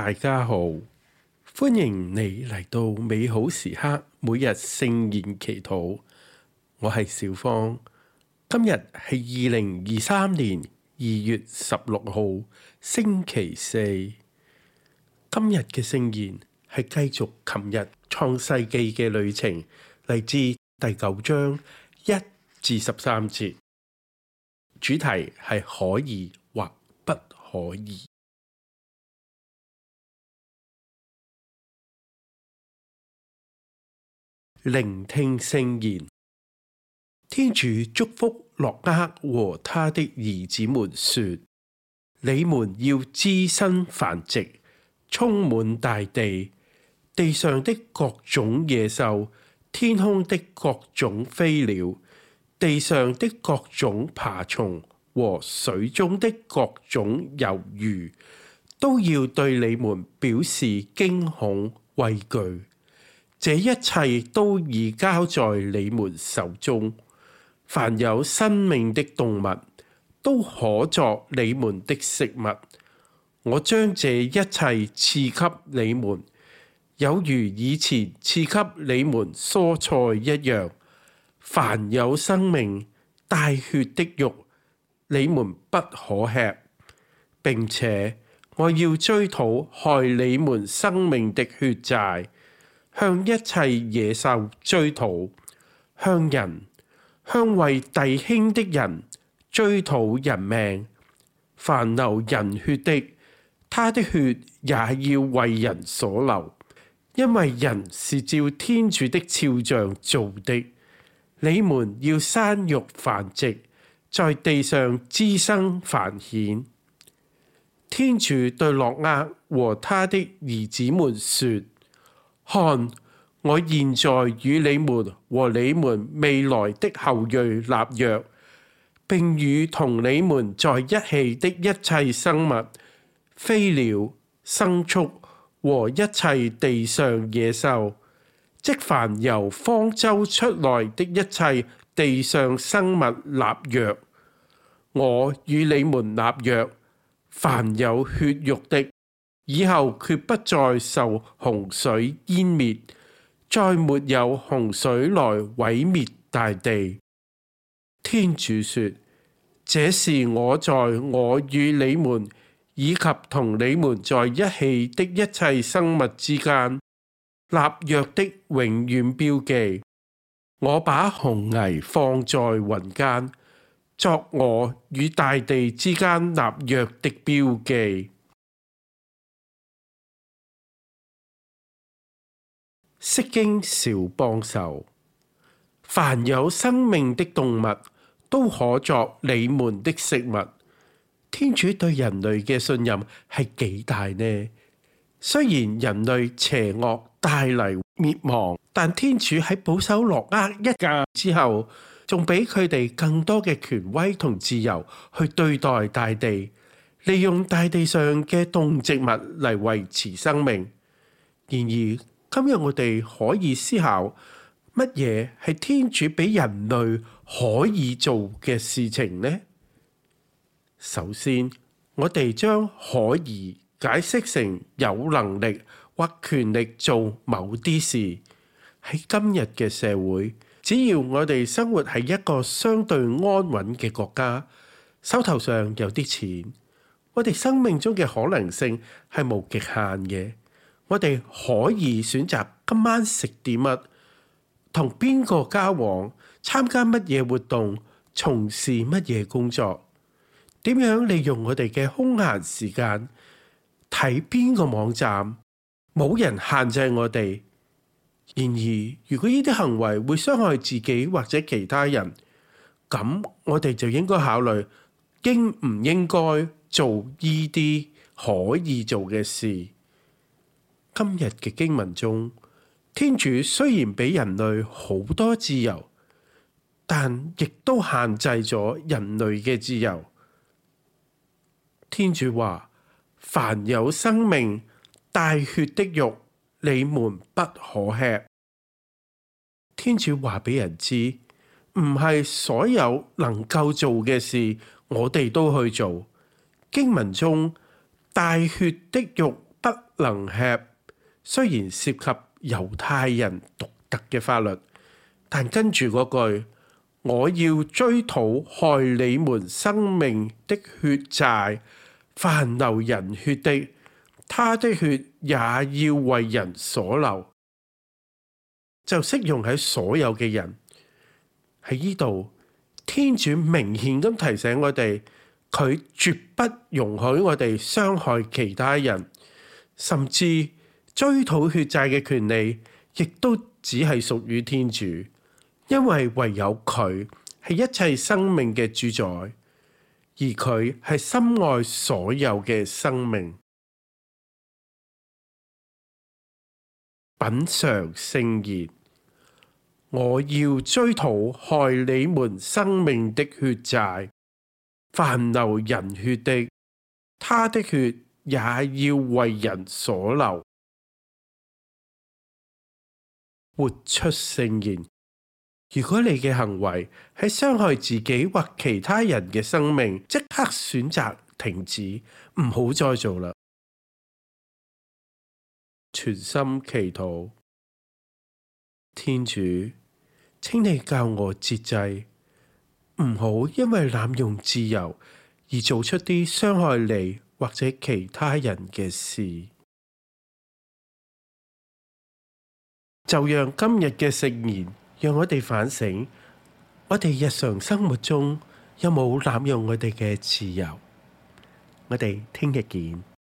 大家好，歡迎你嚟到美好時刻每日聖言祈禱。我係小芳。今日係二零二三年二月十六號星期四。今日嘅聖言係繼續琴日創世紀嘅旅程，嚟自第九章一至十三節。主題係可以或不可以。聆聽聖言，天主祝福諾厄和他的兒子們說：你們要滋生繁殖，充滿大地。地上的各種野獸、天空的各種飛鳥、地上的各種爬蟲和水中的各種游魚，都要對你們表示驚恐畏懼。這一切都已交在你們手中。凡有生命的動物都可作你們的食物。我將這一切賜給你們，有如以前賜給你們蔬菜一樣。凡有生命、帶血的肉，你們不可吃，並且我要追討害你們生命的血債。向一切野獸追討，向人，向為弟兄的人追討人命，凡流人血的，他的血也要為人所流，因為人是照天主的肖像造的。你們要生育繁殖，在地上滋生繁衍。天主對諾厄和他的兒子們說。看，我現在與你們和你們未來的後裔立約，並與同你們在一起的一切生物、飛鳥、牲畜和一切地上野獸，即凡由方舟出來的一切地上生物立約。我與你們立約，凡有血肉的。以後決不再受洪水湮滅，再沒有洪水來毀滅大地。天主說：這是我在我與你們以及同你們在一起的一切生物之間立約的永遠標記。我把虹霓放在雲間，作我與大地之間立約的標記。釋經小幫手，凡有生命的動物都可作你們的食物。天主對人類嘅信任係幾大呢？雖然人類邪惡帶嚟滅亡，但天主喺保守諾厄一家之後，仲俾佢哋更多嘅權威同自由去對待大地，利用大地上嘅動植物嚟維持生命。然而，今日我哋可以思考乜嘢係天主俾人類可以做嘅事情呢？首先，我哋將可以解釋成有能力或權力做某啲事。喺今日嘅社會，只要我哋生活喺一個相對安穩嘅國家，手頭上有啲錢，我哋生命中嘅可能性係無極限嘅。我哋可以選擇今晚食啲乜，同邊個交往，參加乜嘢活動，從事乜嘢工作，點樣利用我哋嘅空閒時間，睇邊個網站，冇人限制我哋。然而，如果呢啲行為會傷害自己或者其他人，咁我哋就應該考慮應唔應該做呢啲可以做嘅事。今日嘅經文中，天主雖然俾人類好多自由，但亦都限制咗人類嘅自由。天主話：凡有生命、帶血的肉，你們不可吃。天主話俾人知，唔係所有能夠做嘅事，我哋都去做。經文中，帶血的肉不能吃。雖然涉及猶太人獨特嘅法律，但跟住嗰句，我要追討害你們生命的血債，凡流人血的，他的血也要為人所流，就適用喺所有嘅人。喺呢度，天主明顯咁提醒我哋，佢絕不容許我哋傷害其他人，甚至追討血債嘅權利，亦都只係屬於天主，因為唯有佢係一切生命嘅主宰，而佢係深愛所有嘅生命。品嘗聖言，我要追討害你們生命的血債，凡流人血的，他的血也要為人所流。活出聖言。如果你嘅行為係傷害自己或其他人嘅生命，即刻選擇停止，唔好再做啦。全心祈禱，天主，請你教我節制，唔好因為濫用自由而做出啲傷害你或者其他人嘅事。就讓今日嘅聖言，讓我哋反省，我哋日常生活中有冇濫用我哋嘅自由？我哋聽日見。